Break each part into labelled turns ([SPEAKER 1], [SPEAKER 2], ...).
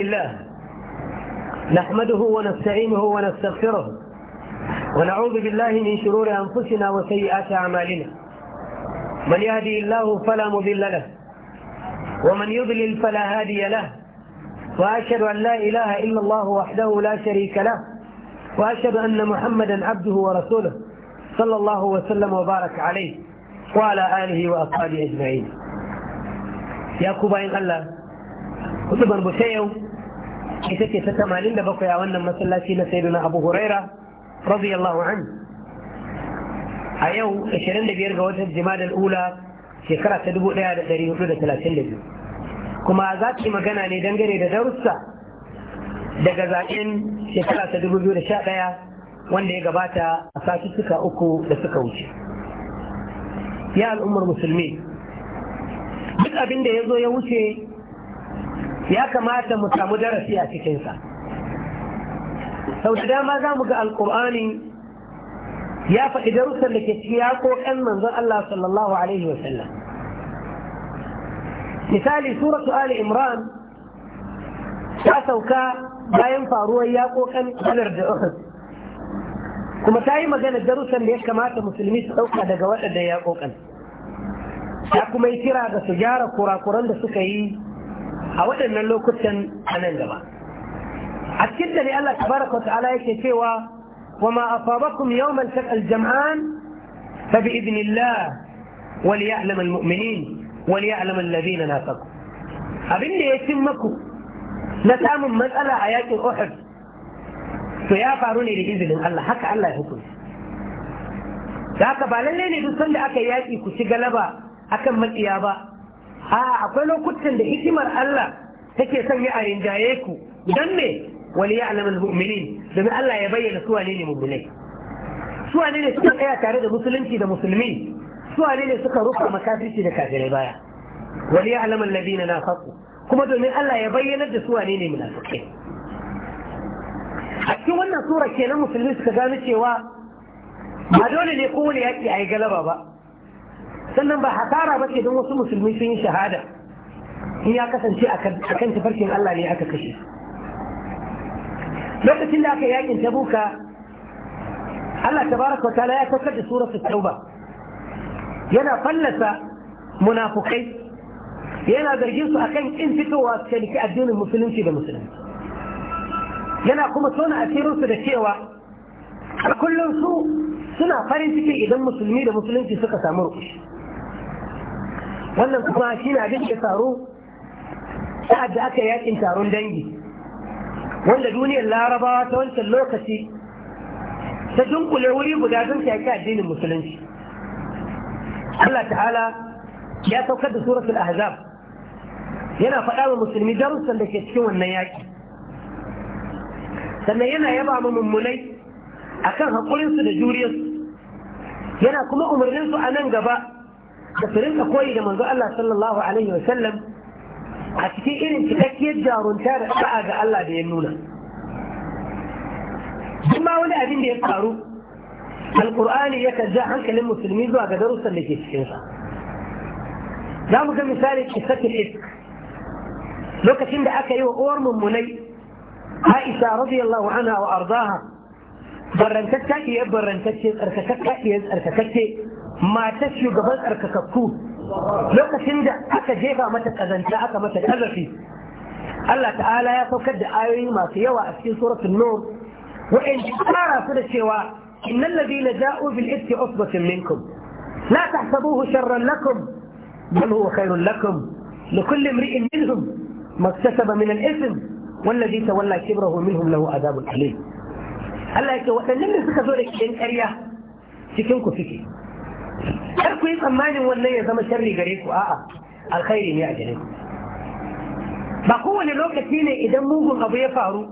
[SPEAKER 1] الله نحمده ونستعينه ونستغفره ونعوذ بالله من شرور أنفسنا وسيئات أعمالنا من يهدي الله فلا مضل له ومن يضلل فلا هادي له وأشهد أن لا إله إلا الله وحده لا شريك له وأشهد أن محمدا عبده ورسوله صلى الله وسلم وبارك عليه وعلى آله وأصحابه أجمعين يا كوبا إن الله كتب بشيء ita ce ta tamanin da bakwai a wannan masallaci na sayyidina abu huraira radiyallahu an a yau 25 ga watan jimadar ula shekara ta 1432 kuma za ki magana ne dangane da darussa daga zaɓen shekara ta 2011 wanda ya gabata a satuttuka uku da suka wuce ya al'ummar musulmi duk abin da ya zo ya wuce ya kamata mu samu darasi a cikinsa sau da dama za mu ga alkur'ani ya faɗi darussan da ke ciki ya manzon Allah sallallahu alaihi wasallam misali suratu ali imran ta sauka bayan faruwar ya kokan da uhud kuma ta yi magana darussan da ya kamata musulmi su ɗauka daga waɗanda ya kokan ta kuma yi kira ga su gyara kurakuran da suka yi a waɗannan lokutan a nan gaba a cikin dare Allah tabaraka wa ta'ala yake cewa wa ma asabakum yawmal taqal jam'an fa bi idnillah wal ya'lam al mu'minin wal ya'lam alladhina nafaqu abin da ya cin maku na samun matsala a yakin Uhud to ya faru ne da izinin Allah haka Allah ya hukunta da haka ba lallai ne duk sanda aka yaki ku ci galaba akan matsiya ba a akwai lokutan da hikimar Allah take son ya a rinjaye ku dan me wali ya alamin mu'minin domin Allah ya bayyana su wane ne mu'minai su wane ne suka tsaya tare da musulunci da musulmi su wane ne suka rufa makafirci da kafirai baya wali ya alamin ladina nafaqu kuma domin Allah ya bayyana da su wane ne munafiki a cikin wannan sura kenan musulmi suka gano cewa ba dole ne kowane yaƙi a yi galaba ba sannan ba hasara ba ce don wasu musulmi sun yi shahada in ya kasance a kan tafarkin Allah ne aka kashe lokacin da aka yakin tabuka Allah tabaraka ta'ala ya saukar da suratul tauba yana fallasa munafukai yana zargin su akan kin fitowa su kalli addinin musulunci da musulunci yana kuma tona asirinsu da cewa a kullum su suna farin ciki idan musulmi da musulunci suka samu rukushi wannan kuma shi na abin da faru sa'ad da aka yakin taron dangi wanda duniyar larabawa ta wancan lokaci ta dunkule wuri guda don ta addinin musulunci Allah ta'ala ya saukar da suratul ahzab yana faɗa wa musulmi darussan da ke cikin wannan yaki sannan yana yaba ma mummunai akan haƙurinsu da juriyarsu yana kuma umarninsu a nan gaba فرنسا كوي لما نقول الله صلى الله عليه وسلم حكيتي ان انت تكيد جارون تابع بعد الله بينونا ثم ولا ادين دي قارو القران يتجا عن كلمه المسلمين بقى درس اللي في الشيخ دامك مثال كفك الاسك لو كان ده اكل يو اور من مني عائشه رضي الله عنها وارضاها برنتك يا برنتك اركتك يا اركتك matar shugaban tsarkakakku lokacin da aka jefa mata kazanta aka mata kazafi Allah ta'ala ya saukar da ayoyi masu yawa a cikin suratul nur wa'inda tsara su da cewa innal ladina ja'u bil ifki usbatun minkum la tahsabuhu sharran lakum bal huwa khairun lakum likulli imri'in minhum ma iktasaba min al-ithm والذي تولى كبره منهم له عذاب أليم Allah yake waɗannan da suka zo da kiyan ƙarya cikin ku suke kar ku yi tsammanin wannan ya zama sharri gare ku a'a alkhairi ne a gare ku ba kowane lokaci ne idan mugun abu ya faru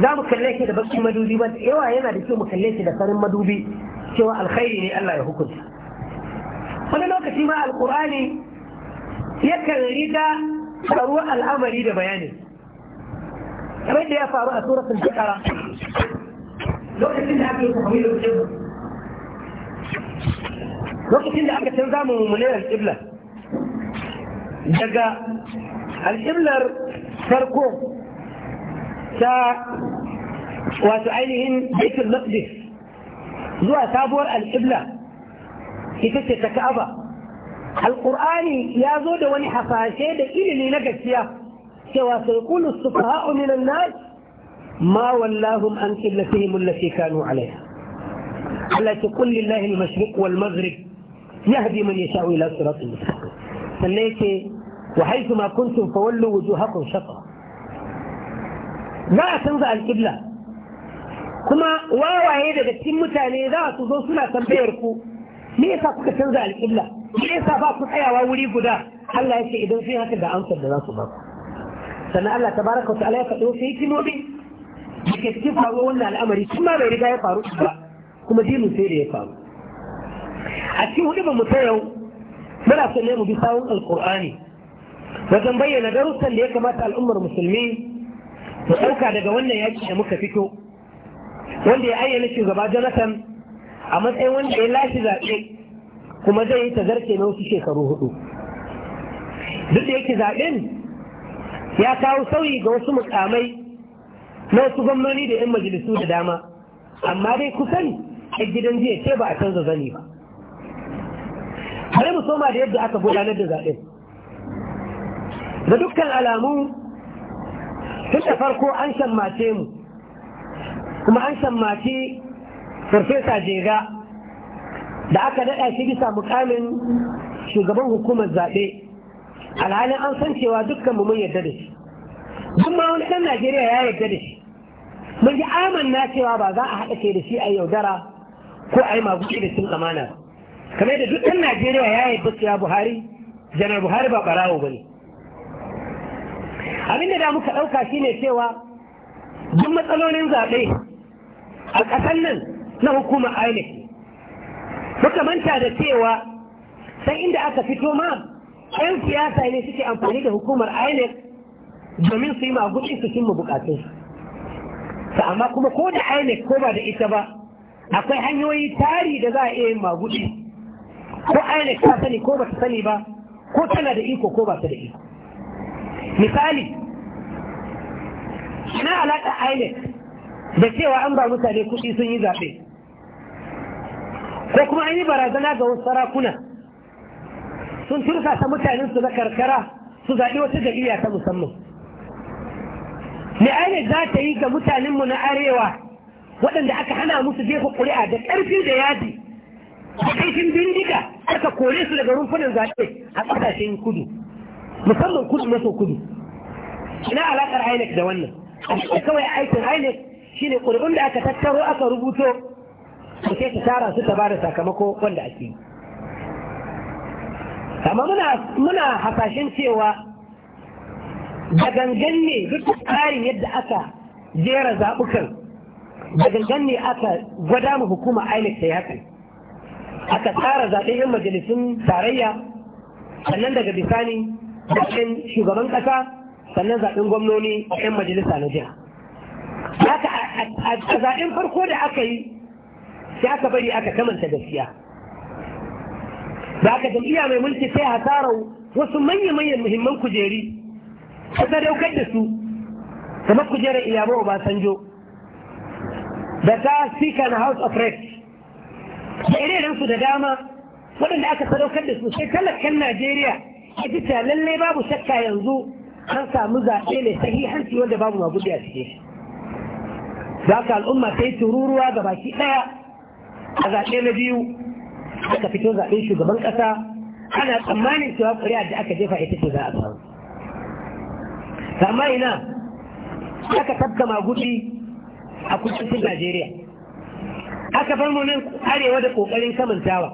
[SPEAKER 1] za mu kalle shi da bakin madubi ba yawa yana da kyau mu kalle shi da farin madubi cewa alkhairi ne Allah ya hukunta wani lokaci ma alkurani yakan riga faruwa al'amari da bayani kamar da ya faru a suratul baqara lokacin da ake yi da lokacin da aka canza mu mummune alƙibla daga alƙiblar farko ta wato ainihin baitul maqdis zuwa sabuwar alƙibla ita ce ta ka'aba alƙur'ani ya zo da wani hasashe da ilimi na gaskiya cewa sai kulu sufaha'u minan nas ma wallahum an qiblatihim allati kanu alaiha Allah ce kulli lillahi al-mashriq wal maghrib يهدي من يشاء إلى صراط المستقيم فالليك وحيثما كنتم فولوا وجوهكم شطرة لا تنزع القبلة كما واو هيدا جتين متاني ذا تزو سنة تنبيركو ليسا كنت تنزع القبلة ليسا فاكو حيا ووليكو ذا هلا يشي إذن فيها كذا أنصر لناس الله سنة الله تبارك وتعالى فتو في هيك نوبي لكي تفعوا ولا الأمر كما بيرجع يطارو كما دينو سيري يطارو a cikin ba mu ta yau muna son ne mu bi sawun alkur'ani wajen bayyana darussan da ya kamata al'ummar musulmi mu ɗauka daga wannan yaki da muka fito wanda ya ayyana shugaba jonathan a matsayin wanda ya lashe zaɓe kuma zai yi tazarce na wasu shekaru hudu duk da yake zaɓen ya kawo sauyi ga wasu mukamai na wasu gwamnoni da 'yan majalisu da dama amma dai kusan a gidan jiya ce ba a canza zani ba Hari mu soma da yadda aka gudanar da zaɓe, da dukkan alamu tun da farko an shammace mu kuma an shammaci farfesa jega da aka daɗa shi bisa mukamin shugaban hukumar zaɓe alhalin an san cewa dukkan mu mun yarda da shi duk ma wani ɗan najeriya ya yarda da shi mun ji amanna cewa ba za a haɗa ke da shi a yaudara ko a yi magudi da sun amana ba kamar da dukkan najeriya ya yi cewa buhari janar buhari ba barawo ba ne abinda da muka ɗauka shine cewa duk matsalolin zaɓe a ƙasar nan na hukumar inec muka manta da cewa sai inda aka fito ma 'yan siyasa ne suke amfani da hukumar inec domin su yi maguɗi su cimma bukatun su amma kuma ko da inec ko ba da ita ba akwai hanyoyi tari da za a iya yin maguɗi ko INEC ta sani ko ba ta sani ba ko tana da iko ko ba ta da iko misali ina alaƙa INEC da cewa an ba mutane kuɗi sun yi zaɓe ko kuma an yi barazana ga wasu sarakuna sun turka ta mutanen su na karkara su zaɓi wata jam'iyya ta musamman me INEC za ta yi ga mutanenmu na arewa waɗanda aka hana musu jefa ƙuri'a da ƙarfi da yadi da kaifin bindiga aka kore su daga rumfunan zaɓe a ƙasashen kudu musamman kudu maso kudu ina alaƙar INEC da wannan a kawai aikin INEC shine ƙuri'un da aka tattaro aka rubuto su sai su tara su ta bada sakamako wanda ake yi amma muna hasashen cewa da gangan ne duk tsarin yadda aka jera zaɓukan da gangan ne aka gwada mu hukuma INEC ta yi hakan aka tsara zaɓen 'yan majalisun tarayya sannan daga bisani zaɓen shugaban ƙasa sannan zaɓen gwamnoni 'yan majalisa na jiha haka a zaɓen farko da aka yi sai aka bari aka kamanta gaskiya da aka jam'iyya mai mulki sai hasarar wasu manya-manyan muhimman kujeri ta sadaukar da su kamar kujerar iyabo obasanjo da ta speaker na house of reps da da dama waɗanda aka sadaukar da su sai talakan najeriya ya ji lallai babu shakka yanzu an samu zaɓe mai sahihanci wanda babu magudi a cike za ka al'umma yi tururuwa ga baki ɗaya a zaɓe na biyu aka fito zaɓen shugaban ƙasa ana tsammanin cewa ƙuri'a da aka jefa ita ce za a samu amma ina aka tafka magudi a kudancin najeriya aka bar mu nan arewa da kokarin kamantawa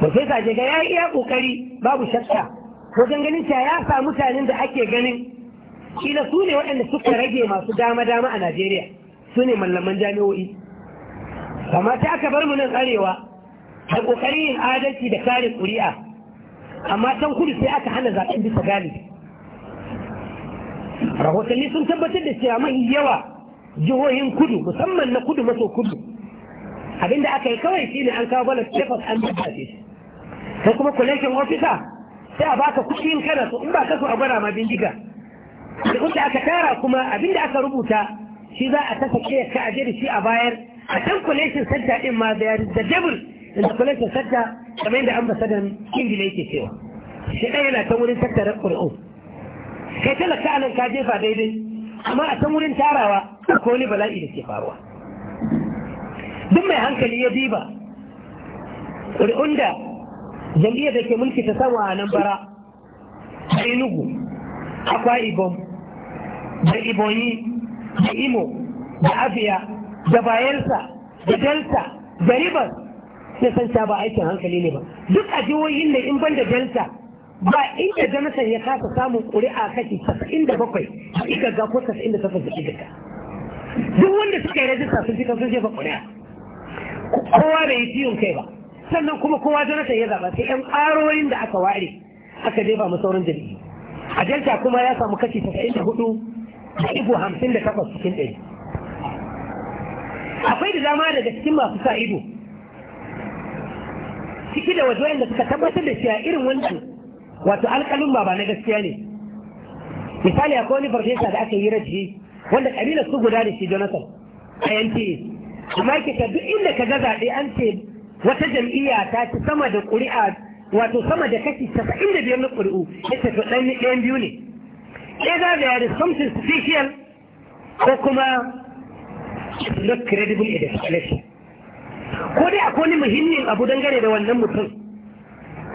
[SPEAKER 1] ba sai ka ga ya iya kokari babu shakka wajen ganin cewa ya sa mutanen da ake ganin kila su ne waɗanda suka rage masu dama-dama a Najeriya su ne mallaman jami'o'i amma ta aka bar mu nan arewa da kokarin yin adalci da kare ƙuri'a amma can kudu sai aka hana zaɓen bisa galibi rahotanni sun tabbatar da cewa mai yawa jihohin kudu musamman na kudu maso kudu abinda aka yi kawai shi ne an kawo ballot papers an duba shi sai kuma collection officer sai a baka kuɗi in kana so in ba ka so a gwada ma bindiga da inda aka tara kuma abinda aka rubuta shi za a tasa kiyar ka aje shi a bayar a can collection center din ma da yari da devil in the collection center kamar yadda ambasadan ingila yake cewa shi ɗaya yana ta wurin tattara ƙuri'un kai talaka a anan ka jefa daidai amma a can wurin tarawa akwai wani bala'i da ke faruwa duk mai hankali ya diba ƙuri'un da jam'iyyar da ke mulki ta sama a nan bara a inugu akwa ibom da ibonyi da imo da afiya da bayelsa da delta da ribas sai san ba aikin hankali ne ba duk a jihohin ne in ban da delta ba inda jonathan ya kasa samun ƙuri'a kashi casa'in da bakwai a ga ko casa'in da takwas da duk wanda suka yi rajista sun fi kasance jefa ƙuri'a kowa da yi ciwon kai ba sannan kuma kowa jonathan ya zaba sai 'yan ƙarorin da aka ware aka jefa mu sauran jami'i a delta kuma ya samu kashi tasa'in da hudu da ibo hamsin da takwas cikin ɗari akwai da dama daga cikin masu sa ido ciki da waje da suka tabbatar da a irin wannan wato alƙalin ba na gaskiya ne misali akwai wani farfesa da aka yi rajiyi wanda ƙabilar su guda da shi jonathan a yanke amma ke ta duk inda ka gaza zaɓe an ce wata jam'iyya ta ci sama da ƙuri'a wato sama da kashi casa'in da biyar na ƙuri'u ya ce to ɗan ɗayan biyu ne ɗaya za da yare something special ko kuma not credible election ko dai akwai wani muhimmin abu dangane da wannan mutum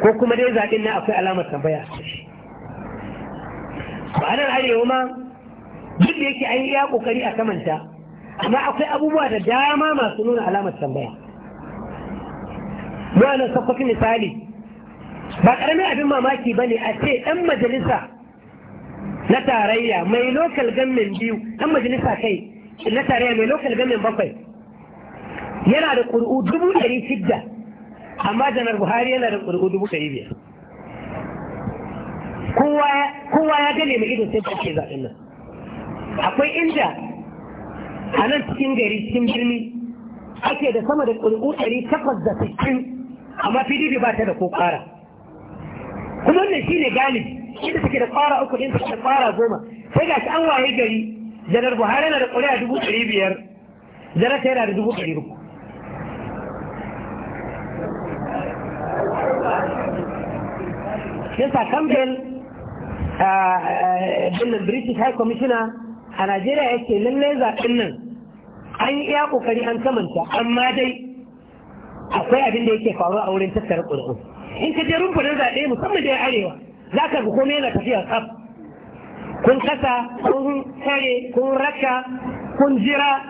[SPEAKER 1] ko kuma dai zaɓin na akwai alamar tambaya ba nan arewa ma duk da yake an yi ya ƙoƙari a samanta amma akwai abubuwa da dama masu nuna alamar tambaya wannan sakwafi misali ba ƙaramin abin mamaki ba ne a ce ɗan majalisa na tarayya mai lokal gamin biyu ɗan majalisa kai na tarayya mai lokal gamin bakwai yana da ƙuri'u dubu ɗari shidda amma janar buhari yana da ƙuri'u dubu ɗari biyar kowa ya gane mai ido sai ba ke zaɓen nan akwai inda a nan cikin gari cikin birni ake da sama da ƙuri'u ɗari takwas da sittin amma pdp ba ta da ko ƙara kuma wannan shi ne galibi inda take da ƙara uku ɗin take da ƙara goma sai ga an waye gari janar buhari yana da ƙuri'a dubu ɗari biyar janar ta yana da dubu ɗari uku yasa campbell bin ah, ah, eh, british high commissioner a najeriya ya lallai zaɓen nan an yi iya ƙoƙari an kamanta amma dai akwai abin da yake faruwa a wurin tattara ƙuri'u in ka je rumfunan zaɓe musamman da arewa za ka ga komai yana tafiya tsaf kun kasa kun kare kun raka kun jira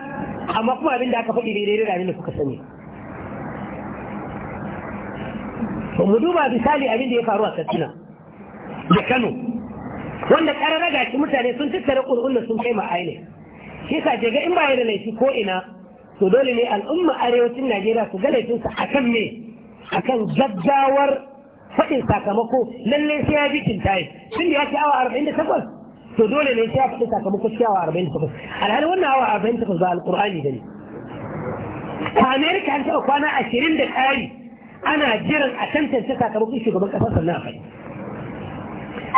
[SPEAKER 1] amma kuma abin da aka faɗi daidai da abin da kuka sani mu duba misali abin da ya faru a katsina da kano wanda ƙarara ga shi mutane sun tattara ƙulƙulun sun kai ma'aile shi sa ce ga in ba da laifi ko ina to dole ne al'umma arewacin najeriya su ga laifinsa a kan me a kan gaggawar faɗin sakamako lalle sai ya bikin tayi tun da ya ci awa arba'in da takwas to dole ne sai ya faɗi sakamako sai awa arba'in da takwas alhali wannan awa arba'in da takwas ba alƙur'ani ba ne a amerika an taɓa kwana ashirin da ƙari ana jiran a tantance sakamakon shugaban ƙasar sannan a faɗi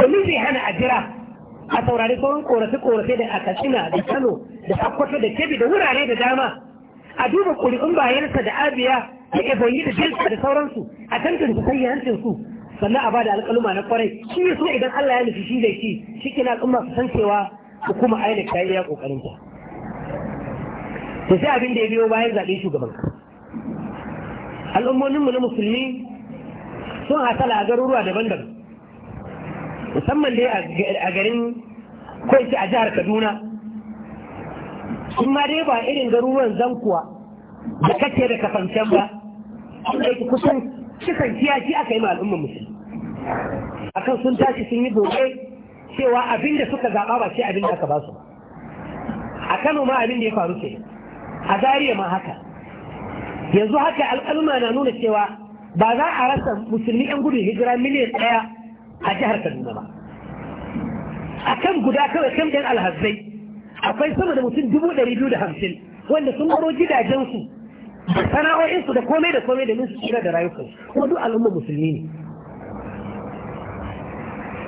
[SPEAKER 1] domin zai hana a jira a saurari sauran korafe-korafe da a katsina da kano da akwato da kebi da wurare da dama a duba kuri'un bayansa da abiya da ebonyi da jinsa da sauransu a tantance sayyancin su sannan a ba da alƙaluma na kwarai shi su idan Allah ya nufi shi da shi, shi ke na al'umma su san cewa hukuma INEC ta yi ya ƙoƙarin ta sai abin da ya biyo bayan zaɓe shugaban al'ummominmu na musulmi sun hasala a garuruwa daban-daban musamman dai a garin kwanci a jihar kaduna sun ma dai ba irin garuruwan zankuwa da kake da kafancen ba da yake kusan kisan kiyaki aka yi ma al'umma musulmi akan sun tashi sun yi dokai cewa abin da suka zaɓa ba ce abin da aka ba su a kano ma abin da ya faru ke a zariya ma haka yanzu haka al'umma na nuna cewa ba za a rasa musulmi 'yan gudun hijira miliyan ɗaya a jihar kaduna ba a kan guda kawai kan ɗan alhazzai akwai sama da mutum dubu ɗari biyu da hamsin wanda sun baro gidajensu da sana'o'insu da komai da komai da su kira da rayukansu kuma duk al'umma musulmi ne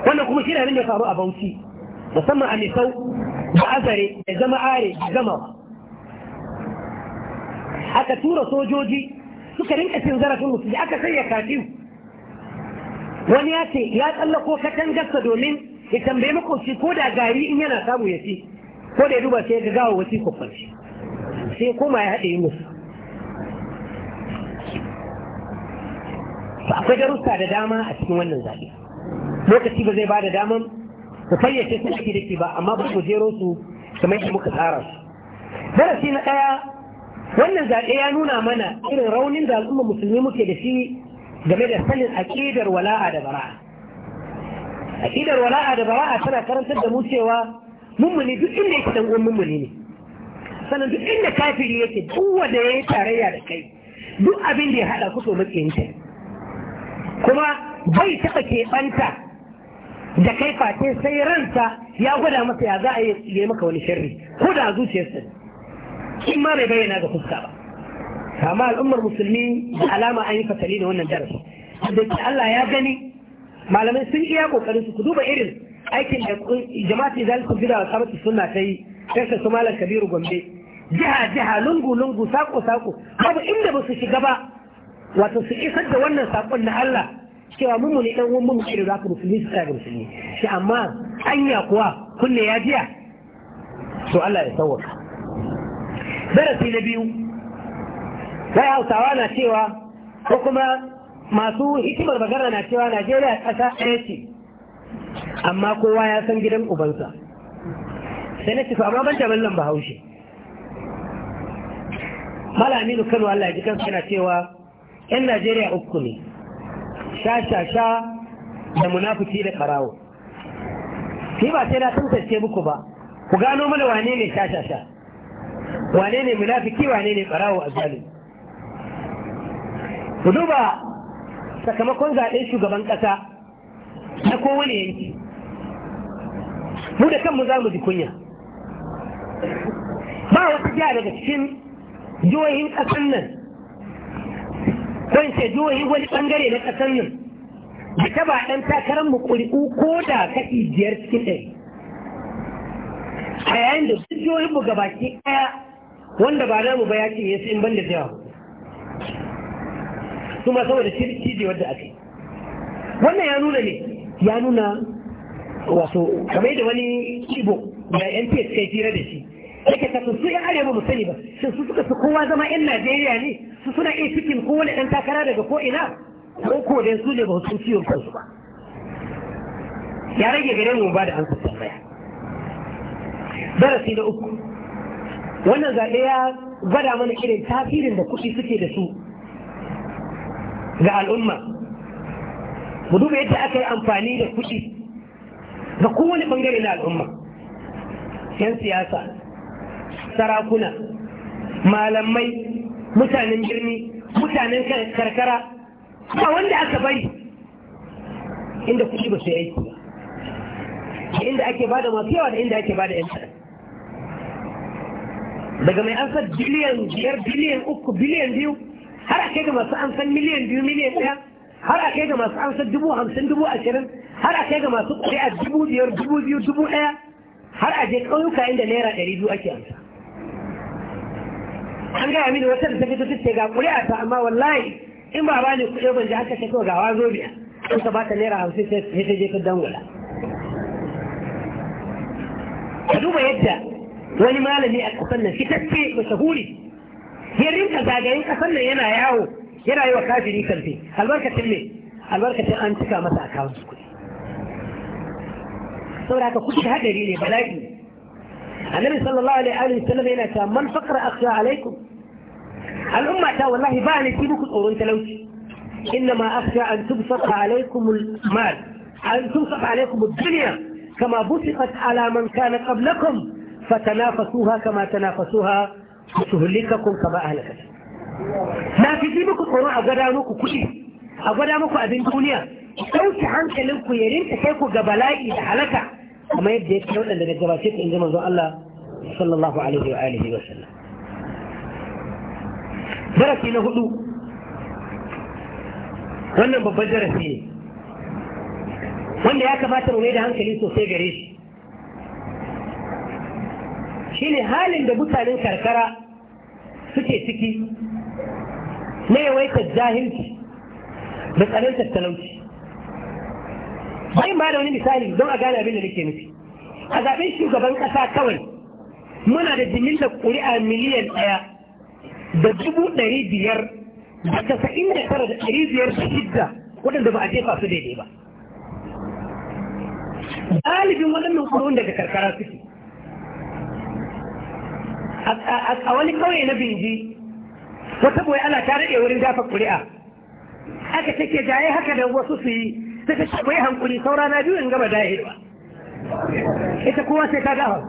[SPEAKER 1] wannan kuma shine abin da faru a bauchi musamman a misau da azare da zama are da gama aka tura sojoji suka rinka cin zarafin musulmi aka sanya kafiyu wani ya ce ya tsallako katangarsa domin ya tambayi makoci ko da gari in yana samu ya ci ko da ya duba sai ya gawa wasi kofar shi sai koma ya haɗe musu akwai darussa da dama a cikin wannan zaɓe lokaci ba zai ba da daman ku fayyace su ake dake ba amma ba ku jero su kamar yadda muka tsara su darasi na ɗaya wannan zaɓe ya nuna mana irin raunin da al'umma musulmi muke da shi game da sanin aƙidar wala'a da bara'a aƙidar wala'a da bara'a tana karantar da mu cewa mummuni duk inda yake dan uwan mummuni ne sannan duk inda kafiri yake duk wanda yayi tarayya da kai duk abin da ya haɗa ku so kuma bai taɓa keɓanta da kai face sai ransa ya gwada masa ya za a yi maka wani sharri ko da zuciyarsa in ma bai bayyana ga fuska ba amma al'ummar musulmi da alama an yi fatali da wannan darasi da Allah ya gani malamai sun iya kokarin su ku duba irin aikin da jama'ati zal ku gida wa suna ta kai sai su malam kabiru gombe jiha jiha lungu lungu sako sako babu inda ba su shiga ba wato su isar da wannan sakon na Allah cewa mun ne dan uwan mu irin za ku musulmi su tsaya musulmi shi amma anya kuwa kunne ya jiya to Allah ya sauwaka darasi na biyu sai hausawa na cewa ko kuma masu hikimar magana na cewa najeriya ƙasa ɗaya ce amma kowa ya san gidan ubansa sai na ce amma ban jamallon ba bahaushe mala aminu kano allah ji kansa yana cewa yan najeriya uku ne sha sha sha da munafuci da karawo ni ba sai na tantance muku ba ku gano mana wane ne sha sha sha wane ne munafuki, wane ne karawo a zalimi ku duba sakamakon zaɓen shugaban ƙasa na kowane yanki mu da kanmu za mu ji kunya ba wata jiya daga cikin jihohin ƙasar nan ko in ce jihohin wani ɓangare na ƙasar nan da ta ba ɗan takarar mu ƙuri'u ko da ka biyar cikin ɗari a yayin da duk jihohin mu gabaki ɗaya wanda ba namu ba ya ce yesu in ban da jawa kuma saboda shirki je wadda aka yi wannan ya nuna ne ya nuna wato kamar da wani ibo da yan fiye suka yi fira da shi yake ta su ya arewa mu sani ba shin su suka su kowa zama yan najeriya ne su suna iya cikin kowane ɗan takara daga ko ina ko ko da su ne ba su ciwon kansu ba ya rage gare mu ba da an kusa baya darasi na uku wannan zaɓe ya gwada mana irin tasirin da kuɗi suke da su ga al'umma mu duba yadda aka yi amfani da kuɗi ga kowane bangare na al'umma yan siyasa sarakuna malamai mutanen birni mutanen karkara ba wanda aka bari inda kuɗi ba su yi aiki ba inda ake bada masu yawa da inda ake bada yan daga mai asar biliyan biyar biliyan uku biliyan biyu har a kai ga masu amsan miliyan biyu miliyan ɗaya har a kai ga masu amsan dubu hamsin dubu ashirin har a kai ga masu a dubu biyar dubu biyu dubu ɗaya har a je ƙauyuka inda naira ɗari biyu ake amsa an gaya mini wata da ta fito ta ce ga ƙuri'a ta amma wallahi in ba ba ne kuɗi ban ji haka ta kawai ga wazo biya in ka bata naira hamsin sai ta je ka dangula ka duba yadda wani malami a ƙasar nan fitacce mashahuri سيرين كزاجين كسنة ينا ياهو ينا أيوة كاشي دي كنتي البركة تلمي البركة أنت كما تأكاون سكولي سورة كخش هذا دي لي النبي صلى الله عليه وآله وسلم ينا من فقر أخشى عليكم الأمة والله الله باني سيبوك الأورون تلوش إنما أخشى أن تبسط عليكم المال أن تبسط عليكم الدنيا كما بسطت على من كان قبلكم فتنافسوها كما تنافسوها tuhlikakum kama ahlakat na fi ji muku tsoron a gada muku kuɗi a gwada muku abin duniya ɗauki hankalin ku ya rinka kai ku ga bala'i da halaka kamar yadda ya kai waɗanda daga gabace ku in ji manzon Allah sallallahu alaihi wa alihi wa sallam darasi na hudu wannan babban darasi ne wanda ya kamata mu da hankali sosai gare shi shine halin da mutanen karkara suke ciki na yawaitar jahilci da tsanantar talauci bai ba da wani misali don a gane abin da nake nufi a zaɓen shugaban ƙasa kawai muna da jimillar ƙuri'a miliyan ɗaya da dubu ɗari biyar da tasa'in da tara da ɗari biyar da shidda waɗanda ba a jefa su daidai ba galibin waɗannan ƙuri'un daga karkara suke أولي كوي نبيدي وتبوي أنا كاري أولي دافا كوريا أكا تكي جاي هكذا هو صفي تتشكوي هم كوري صورا نبيو إن قبل داهل إذا كوا سيكاده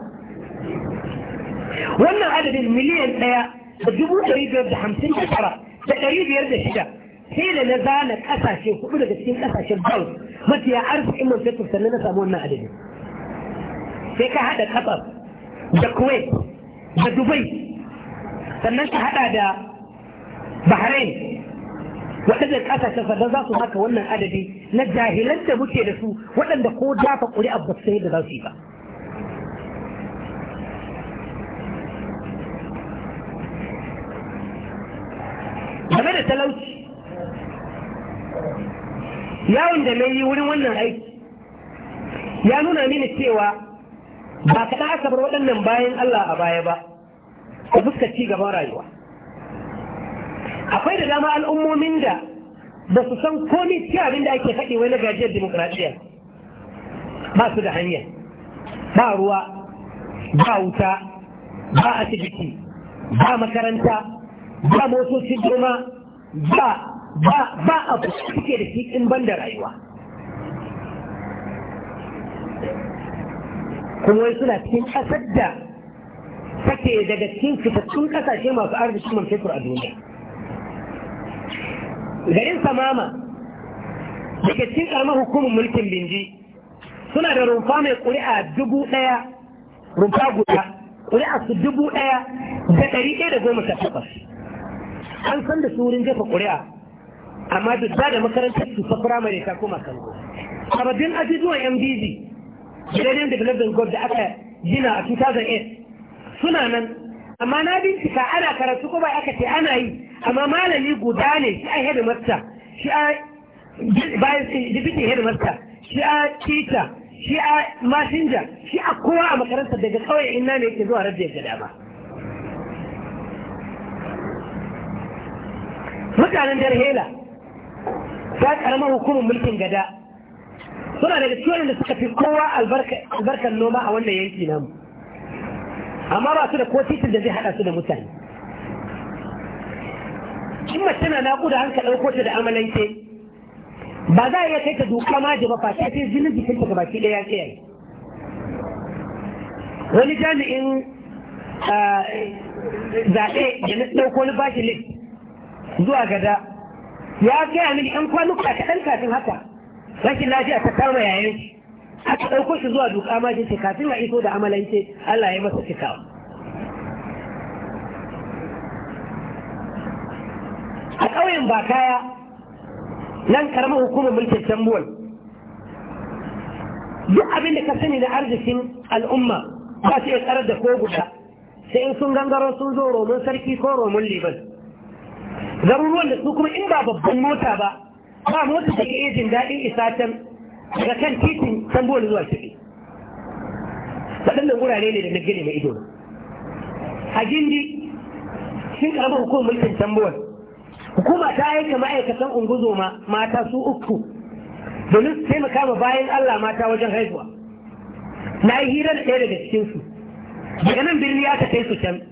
[SPEAKER 1] وانا عدد المليون تيا تجبو تريد يرد حمسين تشرا تريد يرد شجا حين نزالك أساسي وكبولة تسين أساسي البول ما تيا عرف إما سيكو سننا سامونا عدد فيك هذا خطر الكويت da dubai sannan ka hada da bahrain waɗanda ƙasashen sannan za su haka wannan adadi na jahilan da muke da su waɗanda ko dafa ƙuri a basu yadda za su yi ba game da talauci yawon da na yi wurin wannan aiki ya nuna mini cewa ba kaɗa aka bar waɗannan bayan Allah a baya ba da fuskar ci gaban rayuwa akwai da dama al'ummomin da ba su san komi cikin abin da ake faɗi wai na gajiyar demokradiyya ba su da hanya ba ruwa ba wuta ba asibiti ba makaranta ba motocin goma, ba ba ba da shi in ban da rayuwa kuma wai suna cikin ƙasar da take daga cikin fitattun ƙasashe masu arzikin man fetur a duniya garin samama daga cikin ƙaramar hukumar mulkin binji suna da rumfa mai ƙuri'a dubu ɗaya rumfa guda ƙuri'a su dubu ɗaya da ɗari ɗaya da goma sha takwas an san da su wurin jefa ƙuri'a amma duk da makarantar su ta firamare ta koma kango sababbin ajujuwan mdz Millennium Development Goal da aka gina a 2008 suna nan amma na bincika ana karatu ko bai aka ce ana yi amma malami guda ne shi a headmaster shi a bayan deputy headmaster shi a teacher shi a messenger shi a kowa a makarantar daga kawai ina ne yake zuwa rajin ga dama mutanen darhela ta karamar hukumar mulkin gada suna daga cikin da suka fi kowa albarkar noma a wannan yanki namu amma ba su da ko titin da zai hada su da mutane in mace na naƙuda da ka ko ta da amalanke ba za a iya kai ta duka ma ba fa sai jinin jikinta ga baki ɗaya ya yayi wani jami'in zaɓe da na ɗauko na bashi zuwa gada ya gaya mini 'yan kwanuka kaɗan kafin haka rashin lafiya ta kama yayin shi aka ɗauko shi zuwa duka ma shi kafin a iso da amalance Allah ya masa cika. a ƙauyen kaya nan karamar hukumar mulkin tambuwan duk abin da ka sani na arzikin al'umma ba su iya tsarar da ko guda sai in sun gangaro sun zo romun sarki ko romun liban zaruruwan da su kuma in ba babban mota ba ba motsa da ke jin daɗi isa can daga kan titin tambuwar zuwa ciki waɗannan wurare ne da na gini mai ido a gindi shi karamar hukumar mulkin tambuwar hukuma ta aika ma'aikatan unguzoma mata su uku domin su taimaka ma bayan Allah mata wajen haihuwa na yi hira da ɗaya daga cikinsu daga nan birni aka kai su can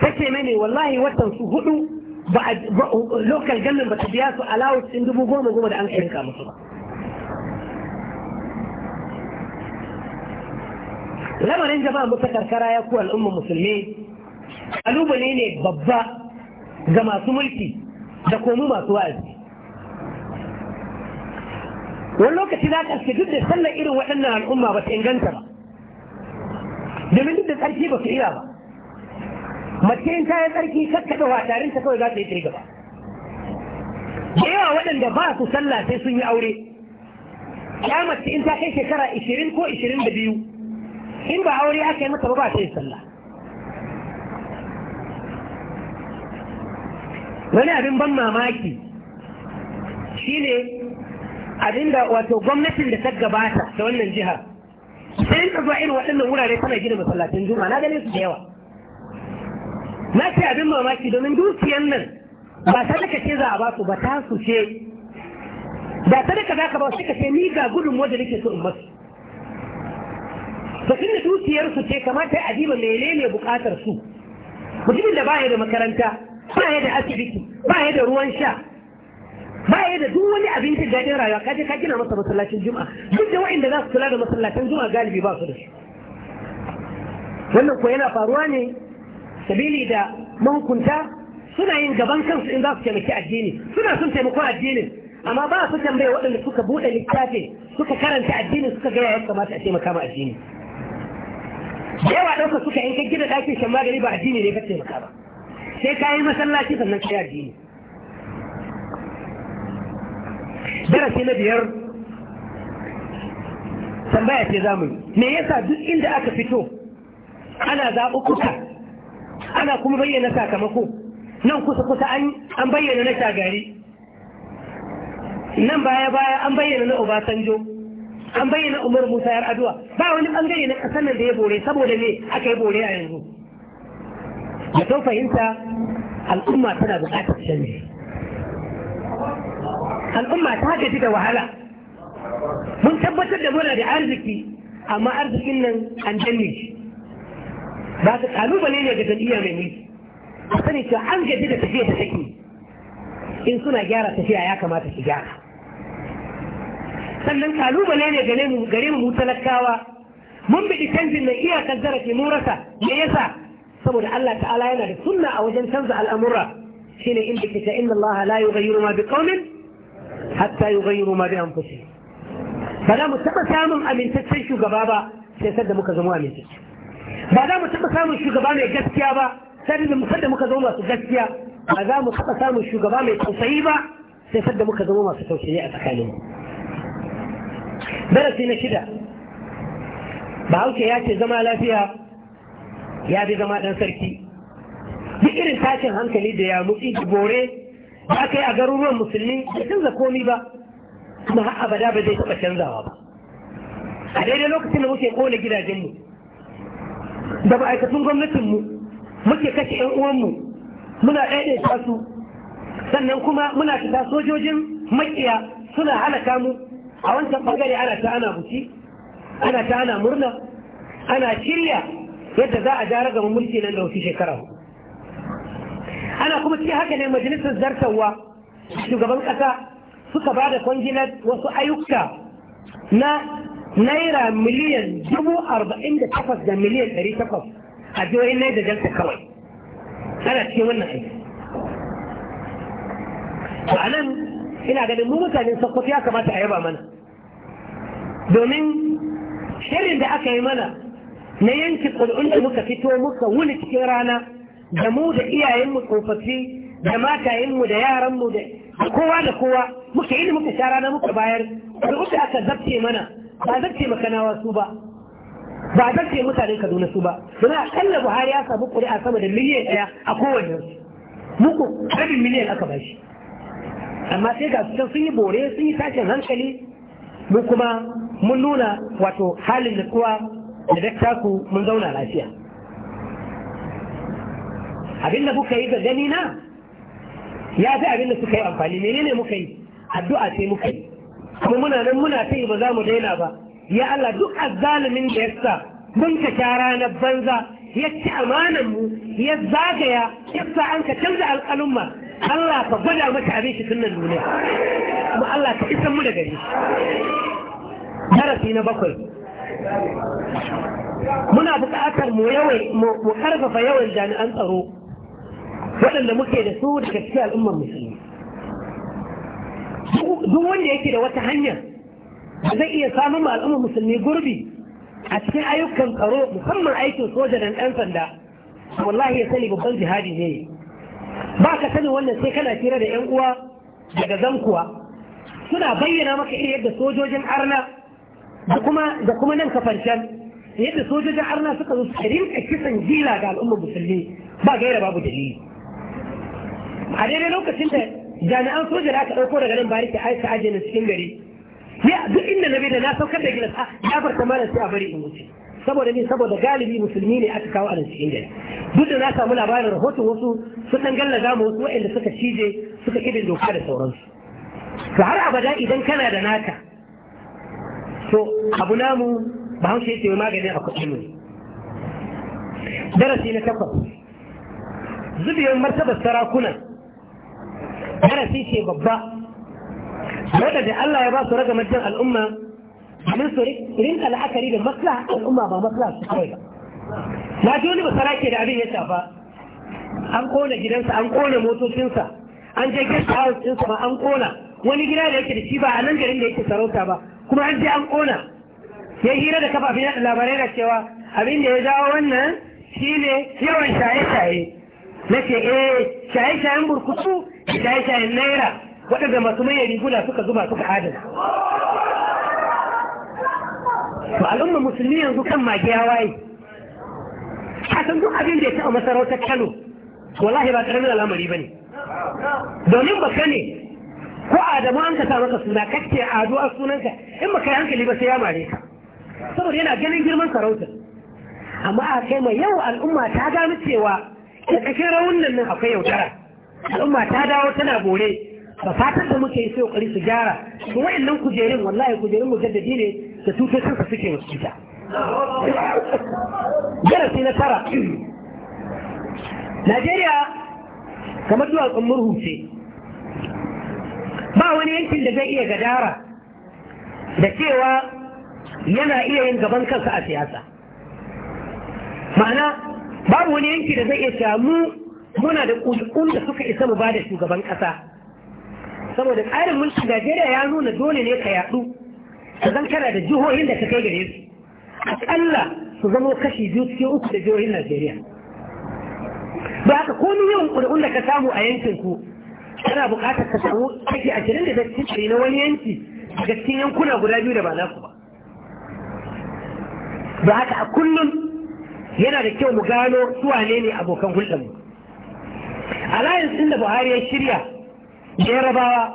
[SPEAKER 1] take mene wallahi watan su hudu ba local gannan ba ta biya su allowance ɗin dubu goma goma da an kai yanka musu ba lamarin jama'a musa karkara ya ku al'umma musulmi kalubale ne babba ga masu mulki da komu masu wa'azi wani lokaci za ka duk da sallar irin waɗannan al'umma ba ta inganta ba domin duk da tsarki ba su iya ba mace in ta yi tsarki kakkaɗa watarin ta kawai za ta yi tsiri gaba. da yawa waɗanda ba su sallah sai sun yi aure ya mace in ta kai shekara ishirin ko ishirin da biyu in ba aure aka yi mata ba ba ta yi sallah wani abin ban mamaki shi ne abin da wato gwamnatin da ta gabata da wannan jiha sai in zuwa irin waɗannan wurare tana gina masallatin juma'a na ganin su da yawa na ce abin mamaki domin dukiyan nan ba daga ce za a ba su ba ta su ce da daga za ka ba su ka ce ni ga gudun wanda nake so in su tafi da dukiyar su ce kamata a jiba menene bukatar su mutumin da ba ya da makaranta ba ya da asibiti ba ya da ruwan sha ba ya da duk wani abincin daɗin rayuwa je ka gina masa masallacin juma'a duk da wa'inda za su kula da masallacin juma'a galibi ba su da shi wannan ko yana faruwa ne sabili da mahukunta suna yin gaban kansu in za su taimaki addini suna sun taimako addinin amma ba su tambaye waɗanda suka buɗe littafi suka karanta addinin suka gaya ya kamata a taimaka ma addini yawa ɗauka suka yanka gina ɗakin shan magani ba addini ne ka taimaka ba sai ka yi masallaci sannan ka yi addini darasi na biyar tambaya ce zamu me yasa duk inda aka fito ana zaɓuɓɓuka ana kuma bayyana sakamako nan kusa kusa an bayyana na shagari nan baya baya an bayyana na obasanjo an bayyana umar musa yar aduwa ba wani bangare na kasan nan da ya bore saboda ne aka yi bore a yanzu Ya sau fahimta al'umma tana buƙatar canji al'umma ta gaji da wahala mun tabbatar da muna da arziki amma arzikin nan an danne shi بعد قالوبة لين يجدون إياه من ميز أخذني شو عن جديدة تشيه تشكي إن سنة جارة تشيه عياك ما تشي جارة سنة قالوبة لين يجدون قريم متلكاوة من بدي تنزل من إياه كذرة مورسة ميسا سمود الله تعالى ينا بسنة أو جن تنزع الأمر حين إنك إن الله لا يغير ما بقوم حتى يغير ما بأنفسه فلا مستمع سامم أمين تتشيه قبابا سيسد مكزموا أمين تتشيه ba za mu taɓa samun shugaba mai gaskiya ba sai da muka da muka zama masu gaskiya ba za mu taɓa samun shugaba mai tausayi ba sai sadda muka zama masu tausayi a tsakanin darasi na shida bahaushe ya ce zama lafiya ya bi zama ɗan sarki duk irin tashin hankali da ya mutsi da bore da aka a garuruwan musulmi da canza komi ba kuma har abada ba zai taɓa canzawa ba a daidai lokacin da muke kone gidajenmu da ma'aikatun gwamnatinmu muke kashe 'yan uwanmu muna ɗaiɗaita su sannan kuma muna shiga sojojin makiya suna halaka mu a wancan bangare ana ta ana buci ana ta ana murna ana shirya yadda za a jara gama mulki nan da wasu shekara ana kuma cikin haka ne majalisar zartarwa shugaban ƙasa suka ba da kwangilar wasu ayyuka na naira miliyan dubu arba'in da takwas da miliyan ɗari takwas a jihohin na da delta kawai ana cikin wannan aiki to a nan ina ganin mu mutanen sokoto ya kamata a yaba mana domin shirin da aka yi mana na yanki ƙul'un da muka fito muka wuni cikin rana da mu da iyayenmu tsofaffi da matayenmu da yaranmu da kowa da kowa muka yi da muka sha rana muka bayar da uku aka zabce mana ba zarce makanawa su ba ba ce mutanen kaduna su ba domin kalla buhari ya samu ƙuri'a sama da miliyan ɗaya a kowane su muku rabin miliyan aka ba shi amma sai ga sun yi bore sun yi tashin hankali mu kuma mun nuna wato halin kuwa da daktaku mun zauna lafiya abinda kuka yi ga gani na ya fi abinda suka yi amfani menene muka yi addu'a sai muka yi kuma muna nan muna ta yi ba za mu daina ba ya Allah duk azzalumin da ya sa mun ka sha ranar banza ya ci amanan mu ya zagaya ya sa an ka canza alƙalumma Allah ka gwada mata abin shi tun nan duniya kuma Allah ka isan mu da gari darasi na bakwai muna buƙatar mu yawai mu karfafa yawan jami'an tsaro waɗanda muke da su da cikin al'ummar musulmi duk wanda yake da wata hanya zai iya samun ma al'ummar musulmi gurbi a cikin ayyukan tsaro musamman aikin soja da ɗan sanda wallahi ya sani babban jihadi ne ba ka sani wannan sai kana tira da 'yan uwa daga zankuwa suna bayyana maka irin yadda sojojin arna da kuma da kuma nan kafancan yadda sojojin arna suka zo su rinka kisan jila ga al'ummar musulmi ba gaira babu dalili a daidai lokacin da jami'an soja da aka ɗauko daga nan bari ta aika aje na cikin gari ya duk inda na da na saukar da gilas ya bar kamar sai a bari in wuce saboda ni saboda galibi musulmi ne aka kawo a nan cikin gari duk da na samu labarin rahoton wasu ɗan dan gallaza mu wasu waɗanda suka cije suka irin doka da sauransu to har abada idan kana da naka to abu namu ba haushe yake maganin a kuɗi mu darasi na takwas zubewar martabar sarakunan. darasi ce babba wadda da Allah ya ba su raga majin al'umma domin su rinka la'akari da maslaha al'umma ba maslaha su kawai ba na ji wani ke da abin ya shafa an kona gidansa an kona motocinsa an je guest house ɗinsa ba an kona wani gida da yake da shi ba a nan garin da yake sarauta ba kuma an je an kona ya hira da kafafen yaɗa labarai da cewa abin da ya jawo wannan shine yawan shaye-shaye na ce e shaye-shayen burkutu shaye-shayen naira waɗanda masu maye riguna suka zuba suka adana Ba al'umma musulmi yanzu kan magiya waye hasan duk abin da ya taɓa masarautar kano wallahi ba ƙaramin al'amari ba ne domin baka ne ko adamu an ka sa maka suna kake ado a sunanka in ba kai hankali ba sai ya mare ka saboda yana ganin girman sarauta. amma a kai mai yau al'umma ta gano cewa ƙarƙashin raunin nan akwai yaudara al'umma ta dawo tana bore ba fatan da muke yi sai ƙoƙari su gyara to wa'annan kujerun wallahi kujerun mujaddadi ne da tutocin su suke wasu cuta darasi na tara Najeriya kamar duwatsun murhu ce ba wani yankin da zai iya gadara da cewa yana iya yin gaban kansa a siyasa ma'ana babu wani yanki da zai iya samu muna da ƙulƙun da suka isa mu ba da shugaban kasa saboda tsarin mulkin Najeriya ya nuna dole ne ka yaɗu ka zan da jihohin da ka kai gare su akalla su zamo kashi biyu cikin uku da jihohin Najeriya ba haka ko yawan ƙuri'un da ka samu a yankin ku kana buƙatar ka samu kashi ashirin da cikin na wani yanki daga cikin yankuna guda biyu da ba naku ba ba haka a kullum yana da kyau mu gano su wane ne abokan hulɗarmu alliance ɗin da buhari ya shirya jarabawa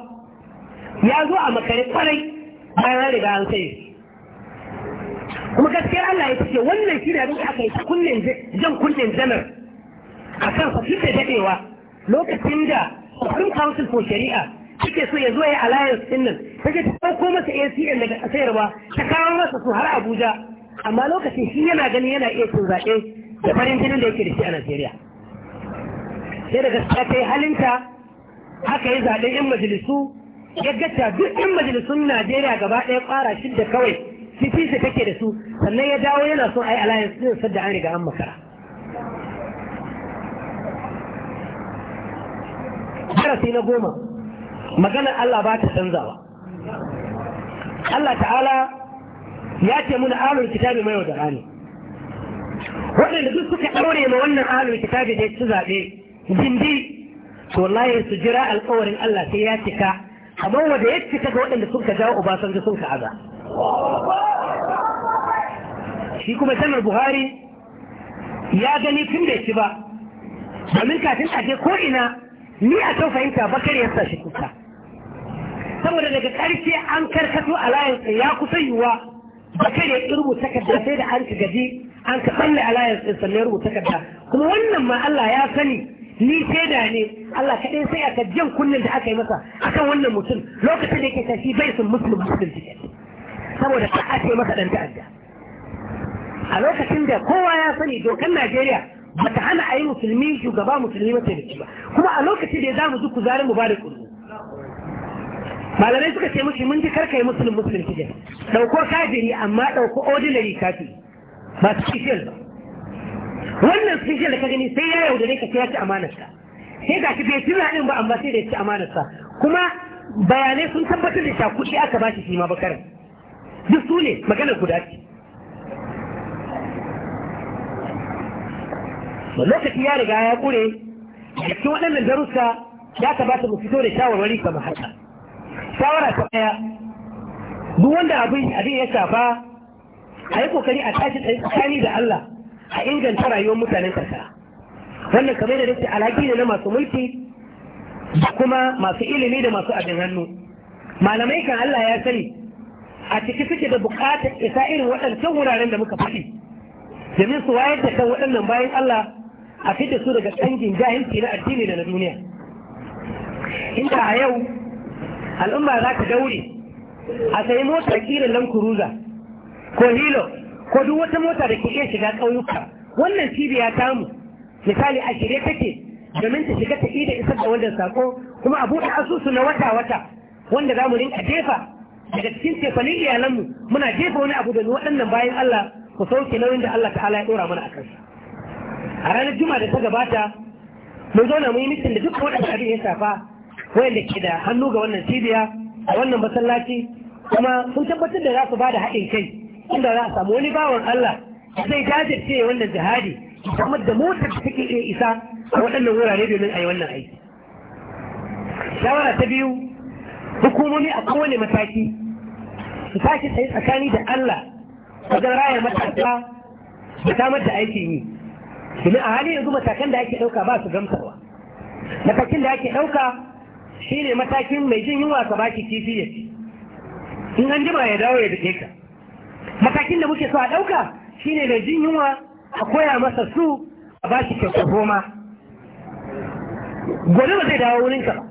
[SPEAKER 1] ya zo a makare kwarai bayan riga an sai kuma gaskiyar Allah ya ce wannan shi da aka yi kunnen jan kunnen janar a kan fafi da daɗewa lokacin da Supreme Council for Shari'a suke so ya zo ya alliance ɗin nan ta ce ta ɗauko masa ACN daga ƙasar ba ta kawo masa su har Abuja amma lokacin shi yana gani yana iya cin zaɓe da farin jinin da yake da shi a Najeriya sai da daga ta kai halinta haka yi zaɓen yan majalisu ya gata duk yan majalisun Najeriya gaba ɗaya ƙwara da kawai fifi su take da su sannan ya dawo yana son a yi alliance ɗin sadda an riga an makara Karasi na goma maganar Allah ba ta canzawa Allah ta'ala ya ce muna alul kitabi mai da rani waɗanda duk suka ɗaure ma wannan alul kitabi da su zaɓe jindi to wallahi su jira alƙawarin Allah sai ya cika amma wanda ya cika ga waɗanda suka jawo Obasanjo sun ka aza shi kuma janar Buhari ya gani tun da shi ba domin kafin a je ko ina ni a kan fahimta bakar ya sa shi kuka saboda daga ƙarshe an karkato a layin ya kusa yiwuwa da kai ya rubuta takarda sai da an ka gaji an ka tsalle alliance din sannan rubuta takarda kuma wannan ma Allah ya sani ni shaida ne Allah kaɗai sai aka jan kunnen da aka yi masa akan wannan mutum lokacin da yake tashi bai sun musulun musulun ticket saboda ka ake masa ɗan ta'adda a lokacin da kowa ya sani dokan Najeriya ba ta hana a yi musulmi shugaba musulmi mataimaki ba kuma a lokacin da ya za mu zuku zarin mu ba da malamai suka ce mushi mun ji karka yi musulun musulun kije dauko kajiri amma ɗauko ordinary kafi ba kishiyar ba wannan kishiyar da ka gani sai ya yaudare ka ce ya ci amanarsa sai ga shi bai tuna ɗin ba amma sai da ya ci amanarsa kuma bayanai sun tabbatar da shakushi aka ba shi shima ma duk su ne maganar guda ce lokaci ya riga ya kure cikin waɗannan darussa ya kamata mu fito da shawarwari kamar haka matsala ta ɗaya duk wanda abin abin ya shafa a yi kokari a tashi tsakani da Allah a inganta rayuwar mutanen ƙasa, wannan kamar da dace alhaki ne na masu mulki da kuma masu ilimi da masu abin hannu malamai kan Allah ya sani a ciki suke da buƙatar isa irin waɗancan wuraren da muka faɗi domin su wayar da kan waɗannan bayan Allah a fitar su daga ƙangin jahilci na addini da na duniya inda a yau al'umma za ta daure a sayi mota kira lan kuruza ko hilo ko duk wata mota da ke iya shiga ƙauyuka wannan cibiya ta mu. misali a shirye take domin ta shiga ta da isar da wannan sako kuma a buɗe asusu na wata-wata wanda za mu rinka jefa daga cikin tefanin iyalanmu muna jefa wani abu da waɗannan bayan Allah ku sauke nauyin da Allah ta'ala ya ɗora mana a kansa a ranar juma'a da ta gabata mun zauna mun yi mitin da dukkan waɗanda abin ya shafa wanda ke da hannu ga wannan cibiya a wannan masallaci kuma sun tabbatar da za su bada haɗin kai inda za a samu wani bawan Allah zai jajirce wannan jihadi kuma da motar da take iya isa a waɗannan wurare domin a yi wannan aiki. Shawara ta biyu hukumomi a kowane mataki su sake tsaye tsakani da Allah
[SPEAKER 2] wajen raya matasa
[SPEAKER 1] da samar da aikin yi. Domin a halin yanzu matakan da ake ɗauka ba su gamsarwa. Matakin da ake ɗauka shi ne matakin mai jin yunwa ka baki kifi ya ci in an jima ya dawo ya dake ka matakin da muke so a ɗauka shi ne mai jin yunwa a koya masa su a ba shi kyautar goma gobe ba zai dawo wurin ka ba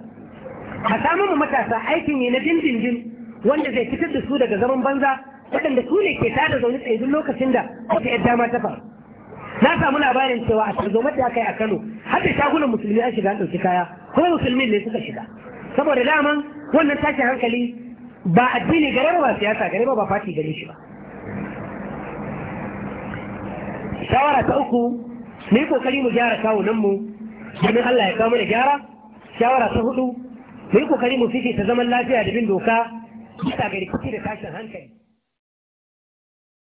[SPEAKER 1] a samun matasa aikin yi na dindindin wanda zai fitar da su daga zaman banza waɗanda su ne ke tada zaune tsaye duk lokacin da wata yadda ma ta faru na samu labarin cewa a tarzoma ta aka yi a kano har da shagunan musulmi an shiga an ɗauki kaya kuma musulmi ne suka shiga saboda daman wannan tashin hankali ba addini gare ba siyasa gare ba ba fati gare shi ba shawara ta uku mu yi kokari mu gyara kawunan mu domin Allah ya kawo mana gyara shawara ta hudu mu yi kokari mu fice ta zaman lafiya da bin doka bisa ga
[SPEAKER 2] rikici da tashin hankali